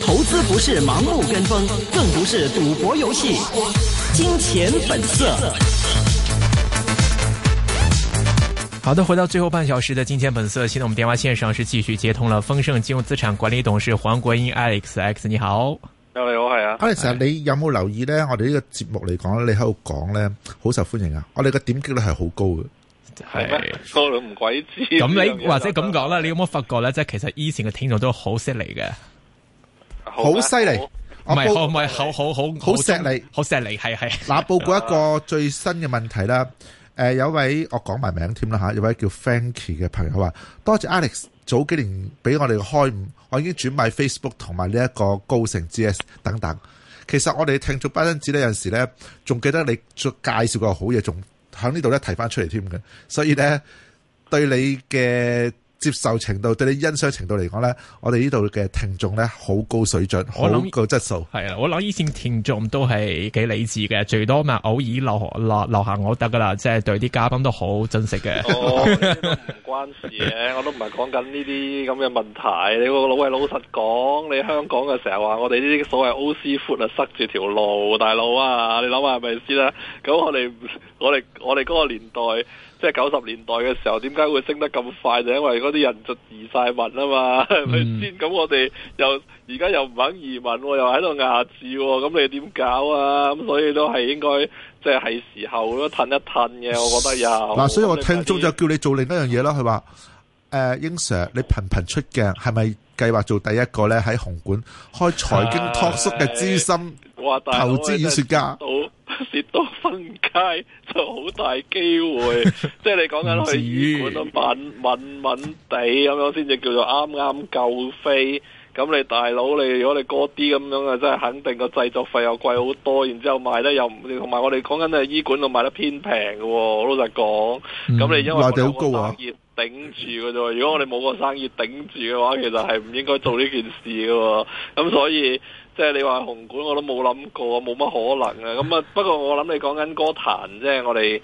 投資不是盲目跟風，更不是賭博遊戲。金錢本色。好的，回到最後半小時的金錢本色。現在我們電話線上是繼續接通了豐盛金融資產管理董事黃國英 Alex，Alex 你好。你好，係啊。Alex，你有冇留意呢？我哋呢個節目嚟講，你喺度講呢，好受歡迎啊！我哋嘅點擊率係好高嘅。係咩？咁 你樂 或者咁講啦，你有冇發覺咧？即係其實以前嘅聽眾都好犀利嘅，好犀利，唔係唔係好報好好好犀利，好犀利，係係。嗱，報告一個、啊、最新嘅問題啦。誒、呃，有位我講埋名添啦吓，有位叫 Frankie 嘅朋友話：多謝 Alex 早幾年俾我哋開悟，我已經轉買 Facebook 同埋呢一個高盛 GS 等等。其實我哋聽咗巴生子呢，有陣時咧仲記得你做介紹嘅好嘢仲。響呢度咧，提翻出嚟添嘅，所以咧對你嘅。接受程度對你欣賞程度嚟講咧，我哋呢度嘅聽眾咧好高水準，好想高質素。係啊，我諗以前聽眾都係幾理智嘅，最多咪偶爾留留留下我得㗎喇，即係對啲嘉賓都好珍惜嘅。哦，唔關事嘅，我都唔係講緊呢啲咁嘅問題。你個老偉，老實講，你香港嘅成日話我哋呢啲所謂 O 斯闊啊塞住條路，大佬啊，你諗下係咪先啦，啊？咁我哋我哋我哋嗰個年代。即係九十年代嘅時候，點解會升得咁快？就因為嗰啲人就移晒民啊嘛，係咪先？咁 我哋又而家又唔肯移民，又喺度壓住，咁你點搞啊？咁所以都係應該，即係係時候咯，褪一褪嘅，我覺得有。嗱，所以我聽眾就叫你做另一樣嘢咯，佢話：誒、呃，英 Sir，你頻頻出鏡，係咪計劃做第一個咧？喺紅館開財經 talk show 嘅資深投資演說家。啊 街 就好大機會，即係你講緊去醫館度穩穩穩地咁樣先至叫做啱啱夠飛。咁你大佬你如果你高啲咁樣啊，真係肯定個製作費又貴好多，然之後，後賣得又唔同。埋我哋講緊係醫館度賣得偏平嘅，我老實講。咁你因為我哋好高啊，生意頂住嘅啫。如果我哋冇個生意頂住嘅話，其實係唔應該做呢件事嘅。咁所以。即係你話紅館，我都冇諗過，冇乜可能啊！咁啊，不過我諗你講緊歌壇啫，即係，我哋。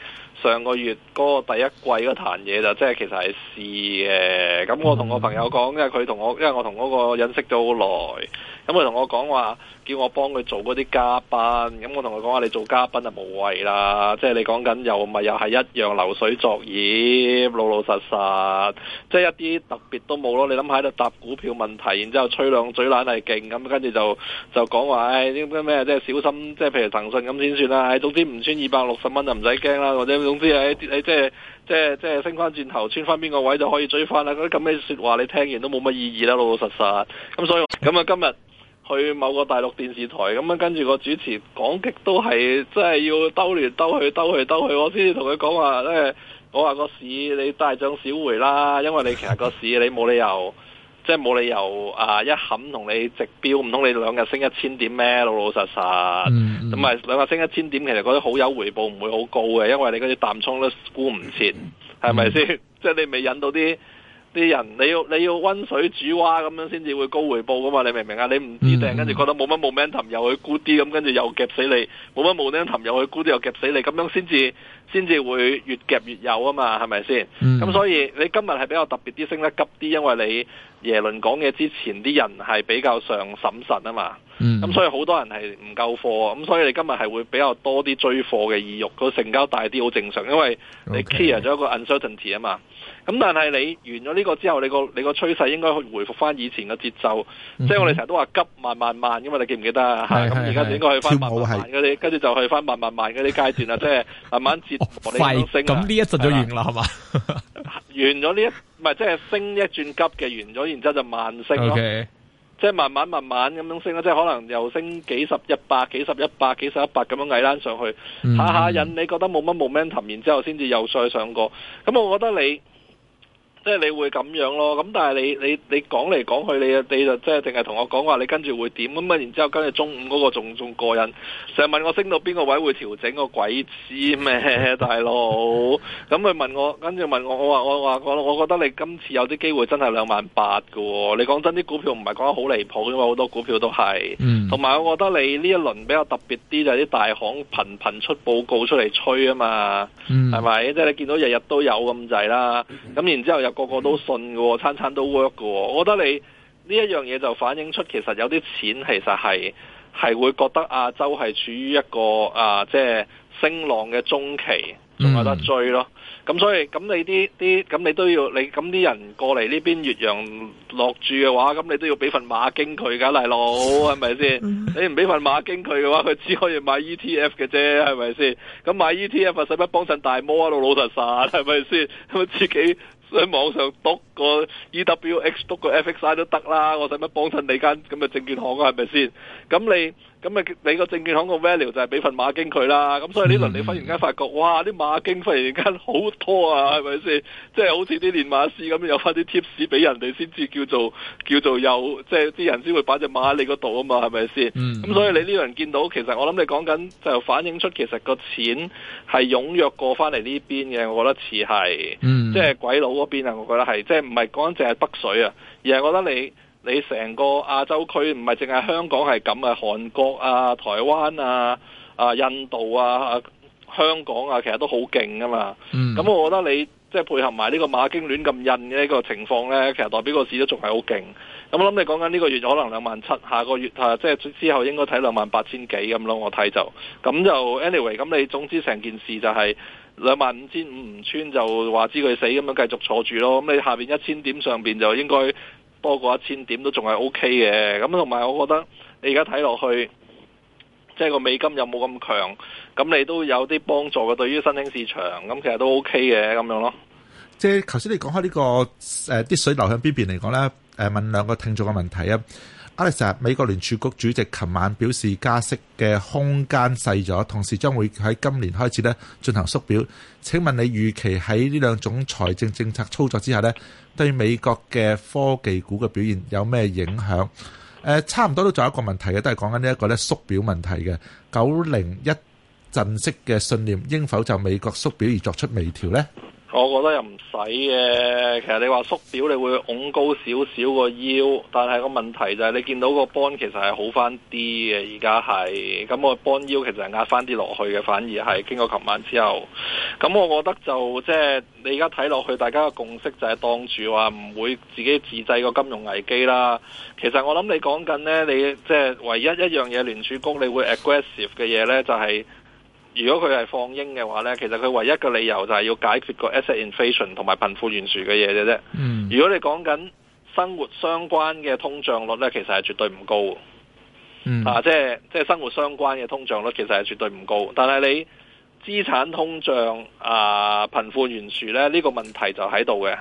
上個月嗰個第一季嗰壇嘢就即係其實係試嘅，咁我同我朋友講，因為佢同我因為我同嗰個認識咗好耐，咁佢同我講話叫我幫佢做嗰啲嘉賓，咁我同佢講話你做嘉賓就無謂啦，即係你講緊又咪又係一樣流水作業，老老實實，即係一啲特別都冇咯。你諗下喺度答股票問題，然之後吹兩嘴懶係勁，咁跟住就就講話誒啲咩即係小心，即係譬如騰訊咁先算啦。誒，總之唔穿二百六十蚊就唔使驚啦，或者。總之係你即係即係即係升翻轉頭，穿翻邊個位就可以追翻啦！啲咁嘅説話你聽完都冇乜意義啦，老老實實。咁所以咁啊，今日去某個大陸電視台，咁樣跟住個主持講極都係即係要兜嚟兜去，兜去兜去，我先至同佢講話咧，我話個市你大漲小回啦，因為你其實個市你冇理由。即係冇理由啊！一冚同你直標，唔通你兩日升一千點咩？老老實實，咁啊兩日升一千點，其實覺得好有回報，唔會好高嘅，因為你嗰啲淡倉都估唔切，係咪先？即係你未引到啲啲人，你要你要溫水煮蛙咁樣先至會高回報噶嘛？你明唔明啊？你唔知定，跟住覺得冇乜冇 momentum，又去估啲，咁跟住又夾死你，冇乜冇 momentum，又去估啲，又夾死你，咁樣先至先至會越夾越有啊嘛？係咪先？咁所以你今日係比較特別啲，升得急啲，因為你。耶倫講嘅之前，啲人係比較上審慎啊嘛，咁所以好多人係唔夠貨，咁所以你今日係會比較多啲追貨嘅意欲，個成交大啲好正常，因為你 clear 咗個 uncertainty 啊嘛，咁但係你完咗呢個之後，你個你個趨勢應該去回復翻以前嘅節奏，即係我哋成日都話急慢慢慢，因為你記唔記得啊？咁而家應該去翻慢慢慢嗰啲，跟住就去翻慢慢慢嗰啲階段啦，即係慢慢折快升，咁呢一陣就贏啦，係嘛？完咗呢一，唔係，即係升一轉急嘅完咗，然之後就慢升咯，Okay. 即係慢慢慢慢咁樣升咯，即係可能又升幾十一百幾十一百幾十一百咁樣矮躝上去，下下引你覺得冇乜 momentum，然之後先至又再上，上過，咁我覺得你。即係你會咁樣咯，咁但係你你你講嚟講去，你你就即係淨係同我講話，你跟住會點咁啊？然之後跟住中午嗰個仲仲過癮，成日問我升到邊個位會調整個鬼知咩，大佬？咁佢問我，跟住問我，我話我話我我,我覺得你今次有啲機會真係兩萬八噶、哦，你講真啲股票唔係講得好離譜，噶嘛，好多股票都係，同埋我覺得你呢一輪比較特別啲就係啲大行頻,頻頻出報告出嚟吹啊嘛，係咪？嗯、即係你見到日日都有咁滯啦，咁然之後又。個個都信嘅、哦，餐餐都 work 嘅、哦，我覺得你呢一樣嘢就反映出其實有啲錢其實係係會覺得亞洲係處於一個啊即係升浪嘅中期，仲有得追咯。咁、嗯、所以咁你啲啲咁你都要你咁啲人過嚟呢邊越洋落住嘅話，咁你都要俾份馬經佢噶，大佬係咪先？是是 你唔俾份馬經佢嘅話，佢只可以買 ETF 嘅啫，係咪先？咁買 ETF 使乜幫襯大摩啊？老老實實係咪先？咁自己。喺網上篤個 EWX 篤個 FXI 都得啦，我使乜幫襯你間咁嘅證券行啊？係咪先？咁你？咁啊，你個證券行個 value 就係俾份馬經佢啦，咁所以呢輪你忽然間發覺，嗯、哇！啲馬經忽然間好拖啊，係咪先？即係好似啲練馬師咁，有翻啲 tips 俾人哋先至叫做叫做有，即係啲人先會擺隻馬喺你嗰度啊嘛，係咪先？咁、嗯、所以你呢輪見到，其實我諗你講緊就反映出其實個錢係踴躍過翻嚟呢邊嘅，我覺得似係，嗯、即係鬼佬嗰邊啊，我覺得係，即係唔係講淨係北水啊，而係我覺得你。你成個亞洲區唔係淨係香港係咁啊，韓國啊、台灣啊、啊印度啊，啊、香港啊，其實都好勁㗎嘛。咁、嗯嗯、我覺得你即係、就是、配合埋呢個馬經亂咁印嘅呢個情況呢，其實代表個市都仲係好勁。咁、嗯、我諗你講緊呢個月可能兩萬七，下個月啊，即、就、係、是、之後應該睇兩萬八千幾咁咯。我睇就咁就 Anyway，咁、嗯、你總之成件事就係兩萬五千五唔穿就話知佢死咁樣繼續坐住咯。咁、嗯、你下邊一千點上邊就應該。多過一千點都仲係 OK 嘅，咁同埋我覺得你而家睇落去，即係個美金有冇咁強，咁你都有啲幫助嘅對於新興市場，咁其實都 OK 嘅咁樣咯。即係頭先你講開呢個誒啲、呃、水流向邊邊嚟講咧，誒、呃、問兩個聽眾嘅問題啊。阿力成美國聯儲局主席琴晚表示加息嘅空間細咗，同時將會喺今年開始咧進行縮表。請問你預期喺呢兩種財政政策操作之下咧，對美國嘅科技股嘅表現有咩影響？誒、呃，差唔多都仲有一個問題嘅，都係講緊呢一個咧縮表問題嘅九零一陣式嘅信念，應否就美國縮表而作出微調呢？我覺得又唔使嘅，其實你話縮表你會拱高少少個腰，但係個問題就係你見到個 bond 其實係好翻啲嘅，而家係咁我 bond 腰其實係壓翻啲落去嘅，反而係經過琴晚之後，咁我覺得就即係、就是、你而家睇落去，大家嘅共識就係當住話唔會自己自製個金融危機啦。其實我諗你講緊呢，你即係唯一一樣嘢聯儲局你會 aggressive 嘅嘢呢，就係、是。如果佢係放鷹嘅話呢，其實佢唯一嘅理由就係要解決個 asset inflation 同埋貧富懸殊嘅嘢嘅啫。嗯、如果你講緊生活相關嘅通脹率呢，其實係絕對唔高。嗯、啊，即係即係生活相關嘅通脹率其實係絕對唔高。但係你資產通脹啊，貧富懸殊咧，呢、呢個問題就喺度嘅。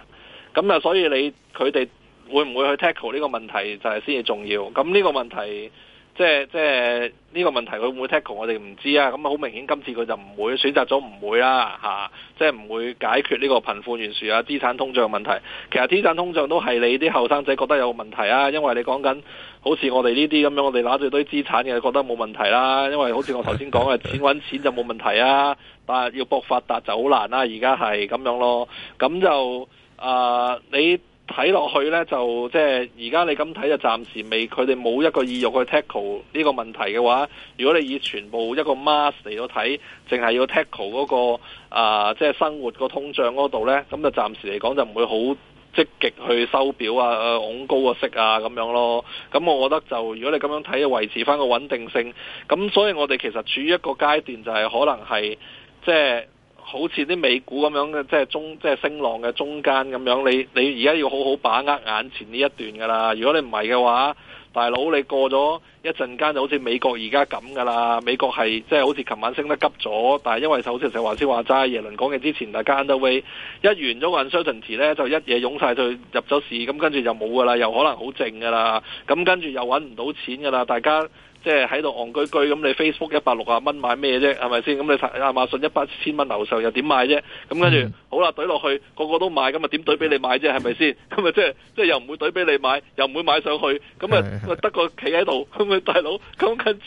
咁啊，所以你，佢哋會唔會去 tackle 呢個問題就係先至重要。咁呢個問題。即係即係呢、這個問題會會 le，佢會唔會 tackle 我哋唔知啊？咁啊，好明顯今次佢就唔會選擇咗唔會啦嚇，即係唔會解決呢個貧富懸殊啊、資產通脹問題。其實資產通脹都係你啲後生仔覺得有問題啊，因為你講緊好似我哋呢啲咁樣，我哋攞住堆資產嘅覺得冇問題啦、啊。因為好似我頭先講嘅，錢揾錢就冇問題啊，但係要搏發達就好難啦、啊。而家係咁樣咯，咁就啊、呃、你。睇落去呢，就即係而家你咁睇就暫時未，佢哋冇一個意欲去 tackle 呢個問題嘅話，如果你以全部一個 mask 嚟到睇，淨係要 tackle 嗰、那個啊，即、呃、係、就是、生活個通脹嗰度呢，咁就暫時嚟講就唔會好積極去收表啊，昂高個息啊咁樣咯。咁我覺得就如果你咁樣睇，就維持返個穩定性，咁所以我哋其實處於一個階段就，就係可能係即係。好似啲美股咁樣嘅，即係中即係升浪嘅中間咁樣，你你而家要好好把握眼前呢一段噶啦。如果你唔係嘅話，大佬你過咗一陣間就好似美國而家咁噶啦。美國係即係好似琴晚升得急咗，但係因為就好似成日話先話齋，耶倫講嘅之前，大家 underway 一完咗個 inflation 時咧，就一夜湧晒去入咗市，咁跟住就冇噶啦，又可能好靜噶啦，咁跟住又揾唔到錢噶啦，大家。即係喺度戇居居咁，你 Facebook 一百六啊蚊買咩啫？係咪先？咁你亞馬遜一百千蚊樓上又點買啫？咁跟住好啦，懟落去個個都買，咁啊點懟俾你買啫？係咪先？咁啊即係即係又唔會懟俾你買，又唔會買上去，咁啊得個企喺度咁啊大佬咁跟住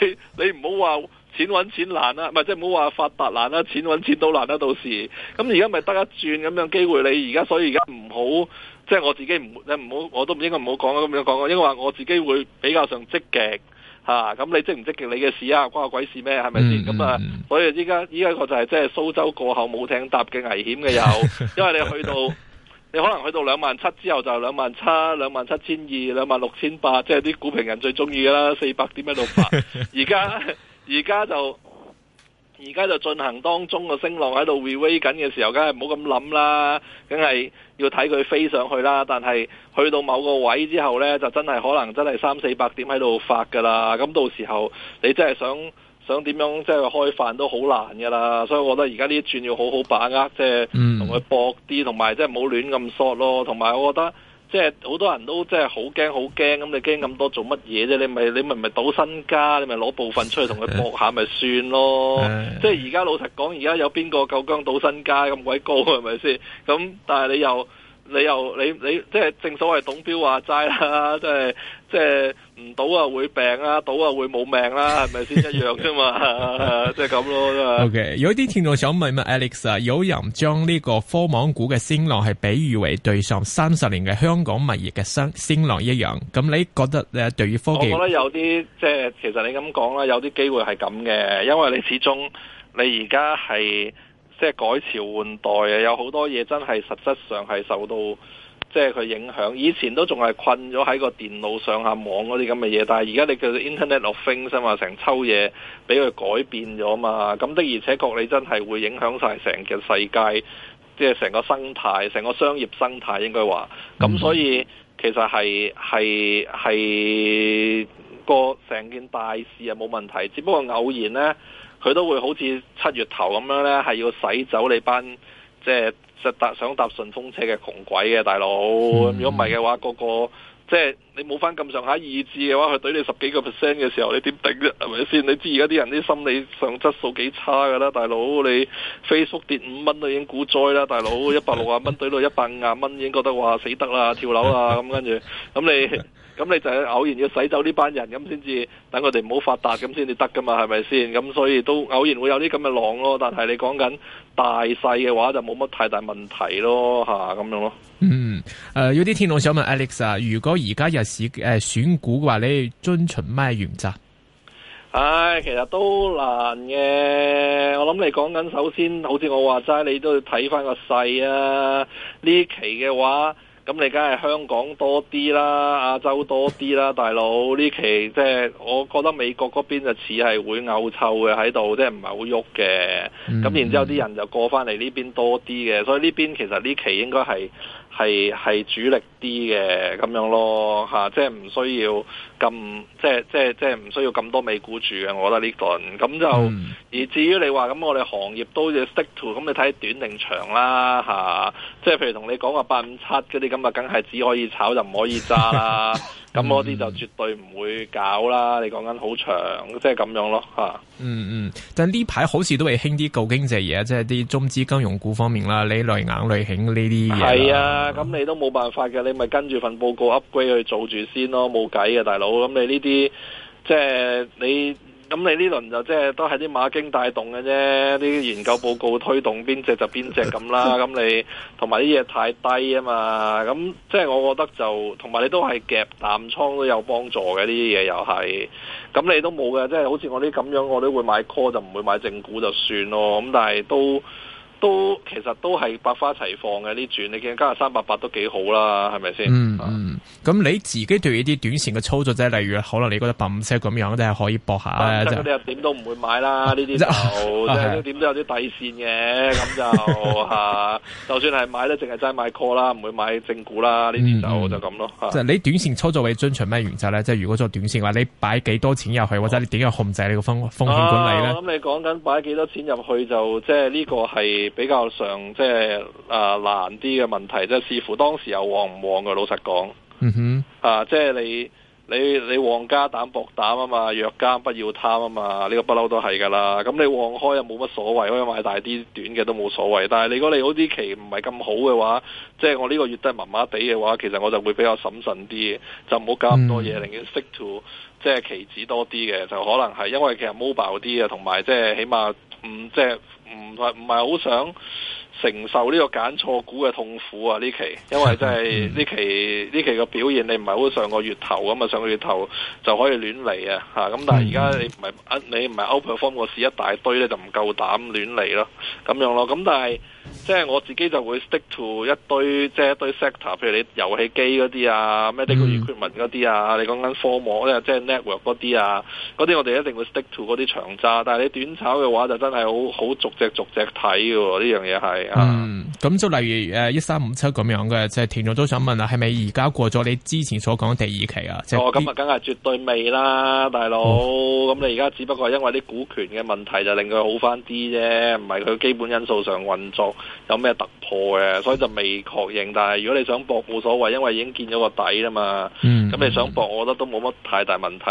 你你唔好話錢揾錢難啦、啊，咪即係唔好話發達難啦、啊，錢揾錢都難啦、啊、到時。咁而家咪得一轉咁樣機會，你而家所以而家唔好即係我自己唔咧唔好我都唔應該唔好講啊咁樣講啊，因為話我自己會比較上積極。啊！咁你積唔積極你嘅事啊？關我鬼事咩？係咪先？咁啊，所以依家依家我就係即係蘇州過後冇艇搭嘅危險嘅又，因為你去到你可能去到兩萬七之後就兩萬七、兩萬七千二、兩萬六千八，即係啲股評人最中意啦，四百點一六八。而家而家就。而家就進行當中個升浪喺度 r e 緊嘅時候，梗係唔好咁諗啦，梗係要睇佢飛上去啦。但係去到某個位之後呢，就真係可能真係三四百點喺度發㗎啦。咁到時候你真係想想點樣即係開飯都好難㗎啦。所以我覺得而家呢轉要好好把握，即係同佢搏啲，同埋即係唔好亂咁 short 咯。同埋我覺得。即係好多人都即係好驚好驚咁，你驚咁多做乜嘢啫？你咪你咪咪賭身家，你咪攞部分出去同佢搏下咪算咯。 即係而家老實講，而家有邊個夠薑賭身家咁鬼高係咪先？咁但係你又你又你你即係正所謂董彪話齋啦，即係即係。唔賭啊會病啦、啊，賭啊會冇命啦，係咪先一樣啫、 okay, 嘛？即係咁咯。O K，有一啲聽眾想問問，Alex 啊，有人將呢個科網股嘅聲浪係比喻為對上三十年嘅香港物業嘅聲浪一樣，咁你覺得誒，對於科技，我覺得有啲即係，其實你咁講啦，有啲機會係咁嘅，因為你始終你而家係即係改朝換代啊，有好多嘢真係實質上係受到。即係佢影響，以前都仲係困咗喺個電腦上下網嗰啲咁嘅嘢，但係而家你叫做 Internet of Things 啊嘛，成抽嘢俾佢改變咗嘛。咁的而且確，你真係會影響晒成個世界，即係成個生態、成個商業生態應該話。咁、嗯、所以其實係係係個成件大事啊，冇問題。只不過偶然呢，佢都會好似七月頭咁樣呢，係要洗走你班。即係實搭想搭順風車嘅窮鬼嘅、啊、大佬，如果唔係嘅話，個個即係你冇翻咁上下意志嘅話，佢懟你十幾個 percent 嘅時候，你點頂啫？係咪先？你知而家啲人啲心理上質素幾差㗎啦，大佬你 Facebook 跌五蚊都已經股災啦，大佬一百六啊蚊懟到一百五啊蚊已經覺得話死得啦，跳樓啊咁、 嗯、跟住，咁、嗯、你。咁你就偶然要洗走呢班人，咁先至等佢哋唔好發達，咁先至得噶嘛，係咪先？咁所以都偶然會有啲咁嘅浪咯。但係你講緊大細嘅話，就冇乜太大問題咯，吓、啊、咁樣咯。嗯，誒、呃，有啲天我想問 Alex 啊，如果而家日市誒、呃、選股嘅話，你遵循咩原則？唉、哎，其實都難嘅。我諗你講緊，首先好似我話齋，你都要睇翻個勢啊。呢期嘅話。咁你梗係香港多啲啦，亞洲多啲啦，大佬。呢期即係，我覺得美國嗰邊就似係會牛臭嘅喺度，即係唔係好喐嘅。咁、嗯、然之後啲人就過翻嚟呢邊多啲嘅，所以呢邊其實呢期應該係係係主力啲嘅咁樣咯，嚇、啊，即係唔需要。咁即係即係即係唔需要咁多美股住嘅，我覺得呢輪咁就、嗯、而至於你話咁，我哋行業都要 stick to，咁你睇短定長啦嚇、啊，即係譬如同你講個八五七嗰啲咁啊，梗係只可以炒就唔可以揸啦，咁嗰啲就絕對唔會搞啦。你講緊好長，即係咁樣咯嚇。啊、嗯嗯，但呢排好似都係興啲舊經濟嘢，即係啲中資金融股方面啦，你耐硬耐興呢啲嘢。係啊，咁你都冇辦法嘅，你咪跟住份報告 upgrade 去做住先咯，冇計嘅，大佬。大咁，你呢啲即係你咁，你呢輪就即係都係啲馬經帶動嘅啫，啲研究報告推動邊隻就邊隻咁啦。咁你同埋啲嘢太低啊嘛，咁即係我覺得就同埋你都係夾淡倉都有幫助嘅，呢啲嘢又係咁你都冇嘅，即係好似我啲咁樣，我都會買 call 就唔會買正股就算咯。咁但係都。都其實都係百花齊放嘅，呢轉，你見今日三百八都幾好啦，係咪先？咁你自己對一啲短線嘅操作即係，例如可能你覺得百五七咁樣你係可以搏下即係嗰啲啊，點都唔會買啦，呢啲就即係點都有啲底線嘅。咁就吓，就算係買咧，淨係齋買 call 啦，唔會買正股啦。呢啲就就咁咯。即係你短線操作，你遵循咩原則咧？即係如果做短線嘅話，你擺幾多錢入去，或者你點樣控制你個風風險管理咧？我諗你講緊擺幾多錢入去，就即係呢個係。比較上即係啊難啲嘅問題，即係視乎當時又旺唔旺嘅。老實講，嗯哼、mm，hmm. 啊即係你你你旺加膽薄膽啊嘛，弱加不要貪啊嘛，呢、這個不嬲都係㗎啦。咁你旺開又冇乜所謂，可以買大啲短嘅都冇所謂。但係如果你好啲期唔係咁好嘅話，即係我呢個月都係麻麻地嘅話，其實我就會比較審慎啲，就唔好搞咁多嘢，mm hmm. 寧願識圖即係期指多啲嘅，就可能係因為其實 mobile 啲啊，同埋即係起碼唔、嗯嗯，即係。唔係唔係好想承受呢個揀錯股嘅痛苦啊！呢期，因為真係呢期呢 期嘅表現，你唔係好似上個月頭咁啊，上個月頭就可以亂嚟啊，吓、啊、咁，但係而家你唔係 你唔係 outperform 個市一大堆咧，就唔夠膽亂嚟咯，咁樣咯，咁但係。即係我自己就會 stick to 一堆即係一堆 sector，譬如你遊戲機嗰啲啊，咩 Discovery、Equin 嗰啲啊，嗯、你講緊科網咧，即係 network 嗰啲啊，嗰啲我哋一定會 stick to 嗰啲長揸。但係你短炒嘅話就真係好好逐隻逐隻睇嘅，呢樣嘢係。啊。咁、嗯、就例如誒一三五七咁樣嘅，即係田總都想問啦，係咪而家過咗你之前所講第二期啊？即係、哦，咁啊，梗係絕對未啦，大佬。咁、哦、你而家只不過係因為啲股權嘅問題就令佢好翻啲啫，唔係佢基本因素上運作。有咩突破嘅，所以就未確認。但係如果你想搏，冇所謂，因為已經見咗個底啦嘛。咁、mm hmm. 你想搏，我覺得都冇乜太大問題。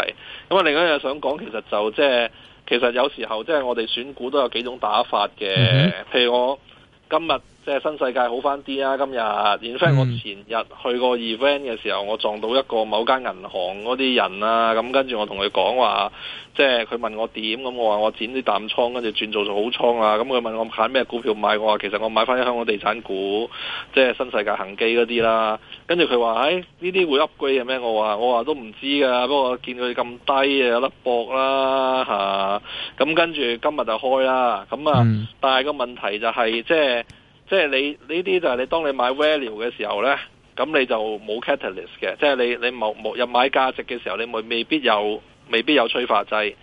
咁啊，另外一樣想講，其實就即係，其實有時候即係我哋選股都有幾種打法嘅。Mm hmm. 譬如我今日。即係新世界好返啲啊。今日然之 e 我前日去個 event 嘅時候，我撞到一個某間銀行嗰啲人啊，咁、嗯、跟住我同佢講話，即係佢問我點，咁、嗯、我話我剪啲淡倉，跟住轉做咗好倉啊。咁、嗯、佢問我睇咩股票買，我話其實我買返香港地產股，即係新世界、恒基嗰啲啦。跟住佢話，哎，呢啲會 upgrade 嘅咩？我話我話都唔知噶，不過見佢咁低啊，有得搏啦嚇。咁跟住今日就開啦。咁啊，但係個問題就係即係。嗯嗯即係你呢啲就係你當你買 value 嘅時候呢，咁你就冇 catalyst 嘅，即係你你冇冇入買價值嘅時候，你冇未必有未必有催化劑。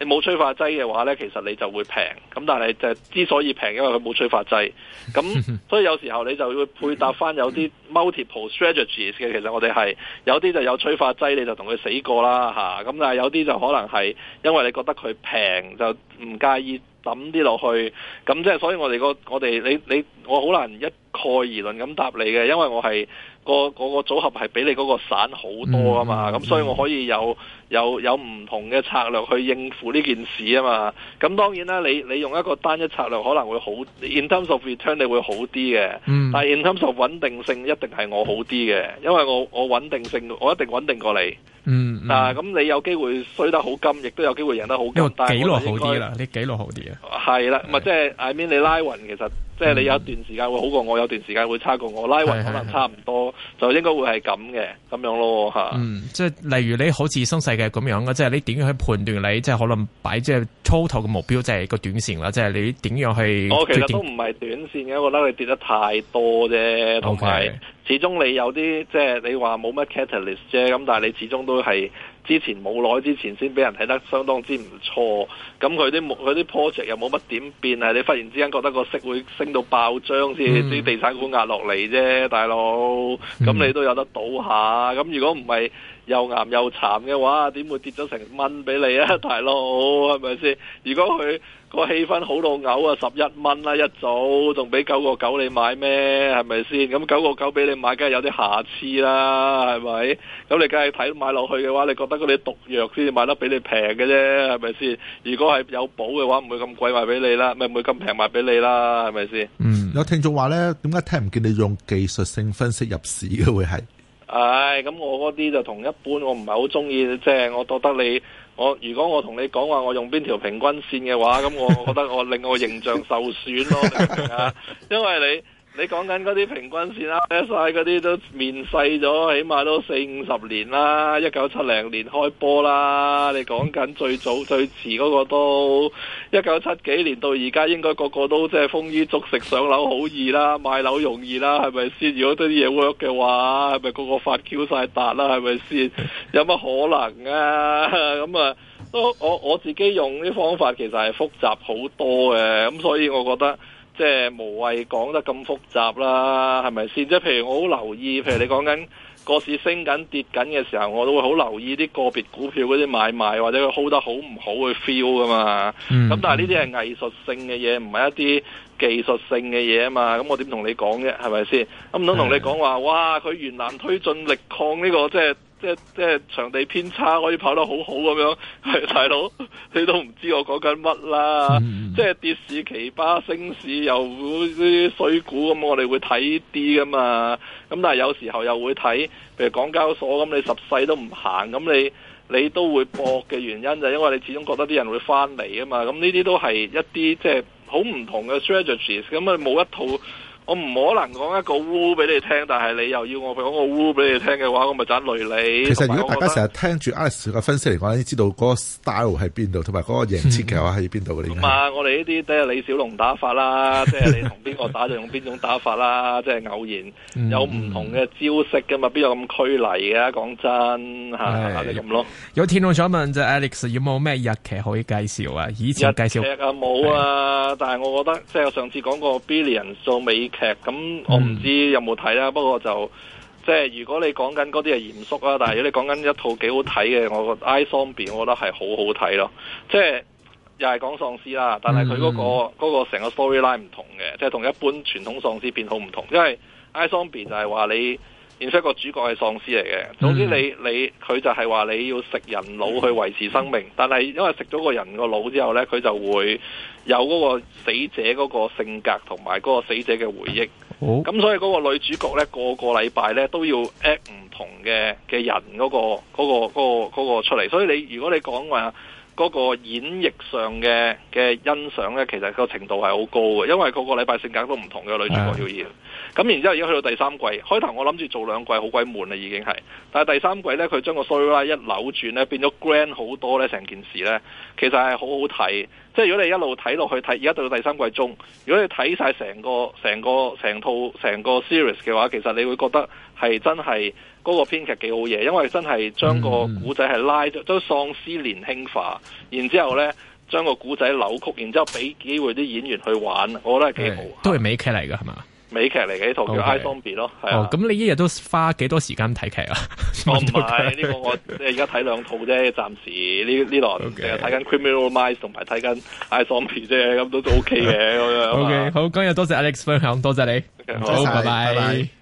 你冇催化劑嘅話呢，其實你就會平。咁但係就之所以平，因為佢冇催化劑。咁所以有時候你就會配搭翻有啲 multiple strategies 嘅。其實我哋係有啲就有催化劑，你就同佢死過啦嚇。咁、啊、但係有啲就可能係因為你覺得佢平就唔介意。抌啲落去，咁即係所以我、那個，我哋個我哋你你我好難一概而論咁答你嘅，因為我係個個個組合係比你嗰個散好多啊嘛，咁所以我可以有有有唔同嘅策略去應付呢件事啊嘛，咁當然啦、啊，你你用一個單一策略可能會好，in terms of return 你會好啲嘅，mm. 但係 in terms of 穩定性一定係我好啲嘅，因為我我穩定性我一定穩定過你。嗯，嗱，嗯，咁，啊，你有機會衰得好金，亦都有機會贏得好金，但係我應該記錄好啲啦，你記錄好啲啊，係啦的，咪即係，的 I mean 你拉匀其實。即係你有一段時間會好過我，嗯、有段時間會差過我，拉匀可能差唔多，是是是就應該會係咁嘅咁樣咯吓。嗯，即係例如你好似新世界咁樣嘅，即係你點樣去判斷你即係可能擺即係粗頭嘅目標，即係個短線啦，即係你點樣去？我、哦、其實都唔係短線嘅，我覺得你跌得太多啫，同埋 Okay. 始終你有啲即係你話冇乜 catalyst 啫，咁但係你始終都係。之前冇耐之前先俾人睇得相當之唔錯。咁佢啲木佢啲 project 又冇乜點變啊！你忽然之間覺得個息會升到爆漿，先至啲地產股壓落嚟啫，大佬，咁你都有得倒下。咁如果唔係。又癌又殘嘅話，點會跌咗成蚊俾你啊，大佬係咪先？如果佢個氣氛好到嘔啊，十一蚊啦一早，仲俾九個九你買咩？係咪先？咁九個九俾你買，梗係有啲瑕疵啦，係咪？咁你梗係睇買落去嘅話，你覺得佢哋毒藥先買得比你平嘅啫，係咪先？如果係有保嘅話，唔會咁貴賣俾你啦，咪？唔會咁平賣俾你啦，係咪先？嗯，有聽眾話呢，點解聽唔見你用技術性分析入市嘅會係？唉，咁、哎、我嗰啲就同一般我，我唔係好中意，即係我覺得你，我如果我同你講話，我用邊條平均線嘅話，咁我覺得我令 我，我形象受損咯，明唔明啊，因為你。你講緊嗰啲平均線啦、啊，曬嗰啲都面世咗，起碼都四五十年啦，一九七零年開波啦。你講緊最早最遲嗰個都一九七幾年到而家，應該個個都即係豐衣足食、上樓好易啦，買樓容易啦，係咪先？如果對啲嘢 work 嘅話，係咪個個發 q 晒達啦？係咪先？有乜可能啊？咁 啊、嗯，都我我自己用啲方法，其實係複雜好多嘅，咁、嗯、所以我覺得。即係無謂講得咁複雜啦，係咪先？即係譬如我好留意，譬如你講緊個市升緊跌緊嘅時候，我都會好留意啲個別股票嗰啲買賣，或者佢 hold 得好唔好去 feel 㗎嘛。咁、嗯、但係呢啲係藝術性嘅嘢，唔係一啲技術性嘅嘢啊嘛。咁我點同你講啫？係咪先？咁唔通同你講話，哇！佢原來推進力抗呢個即係。即即場地偏差可以跑得好好咁樣，係 大佬你都唔知我講緊乜啦。 即跌市奇巴升市又啲水股咁，我哋會睇啲㗎嘛。咁但係有時候又會睇，譬如港交所咁，你十世都唔行，咁你你都會博嘅原因就係因為你始終覺得啲人會翻嚟啊嘛。咁呢啲都係一啲即係好唔同嘅 strategies，咁啊冇一套。我唔可能講一個烏俾你聽，但係你又要我講個烏俾你聽嘅話，我咪憎累你。其實如果大家成日聽住 Alex 嘅分析嚟講，你知道嗰 style 喺邊度，同埋嗰個形設嘅話喺邊度嘅咧。咁啊，我哋呢啲即係李小龍打法啦， 即係你同邊個打就用邊種打法啦，即係 偶然有唔同嘅招式噶嘛，邊有咁拘泥嘅？講真嚇，咁 是 咯。有聽眾想問就 Alex，有冇咩日劇可以介紹啊？以前介紹日劇啊，冇啊，是但係我覺得即係我上次講過 Billy 人做美。咁我唔知有冇睇啦，不過就即係如果你講緊嗰啲係嚴肅啊，但係如果你講緊一套幾好睇嘅，我覺得 I Zombie，我覺得係好好睇咯。即係又係講喪屍啦，但係佢嗰個嗰個成個 storyline 唔同嘅，即係同一般傳統喪屍片好唔同，因為 I Zombie 就係話你。而且個主角係喪屍嚟嘅，總之你你佢就係話你要食人腦去維持生命，mm hmm. 但係因為食咗個人個腦之後呢，佢就會有嗰個死者嗰個性格同埋嗰個死者嘅回憶。咁、mm hmm. 所以嗰個女主角呢，個個禮拜呢都要 at 唔同嘅嘅人嗰個、嗰個、嗰個、嗰個出嚟。所以你如果你講話，嗰個演繹上嘅嘅欣賞呢，其實個程度係好高嘅，因為個個禮拜性格都唔同嘅女主角表演。咁 Yeah. 然之後，而家去到第三季，開頭我諗住做兩季好鬼悶啦，已經係。但係第三季呢，佢將個 storyline 一扭轉咧，變咗 grand 好多呢，成件事呢，其實係好好睇。即係如果你一路睇落去睇，而家到第三季中，如果你睇晒成個成個成套成個 series 嘅話，其實你會覺得係真係。嗰個編劇幾好嘢，因為真係將個古仔係拉咗，將喪屍年輕化，然之後咧將個古仔扭曲，然之後俾機會啲演員去玩，我覺得係幾好。都係美劇嚟嘅係嘛？美劇嚟嘅，呢套叫《I Zombie》咯。哦，咁你一日都花幾多時間睇劇啊？我唔係呢個，我即係而家睇兩套啫，暫時呢呢輪睇緊《Criminal Minds》同埋睇緊《I Zombie》啫，咁都都 OK 嘅。OK，好，今日多謝 Alex 分享，多謝你，好，拜拜。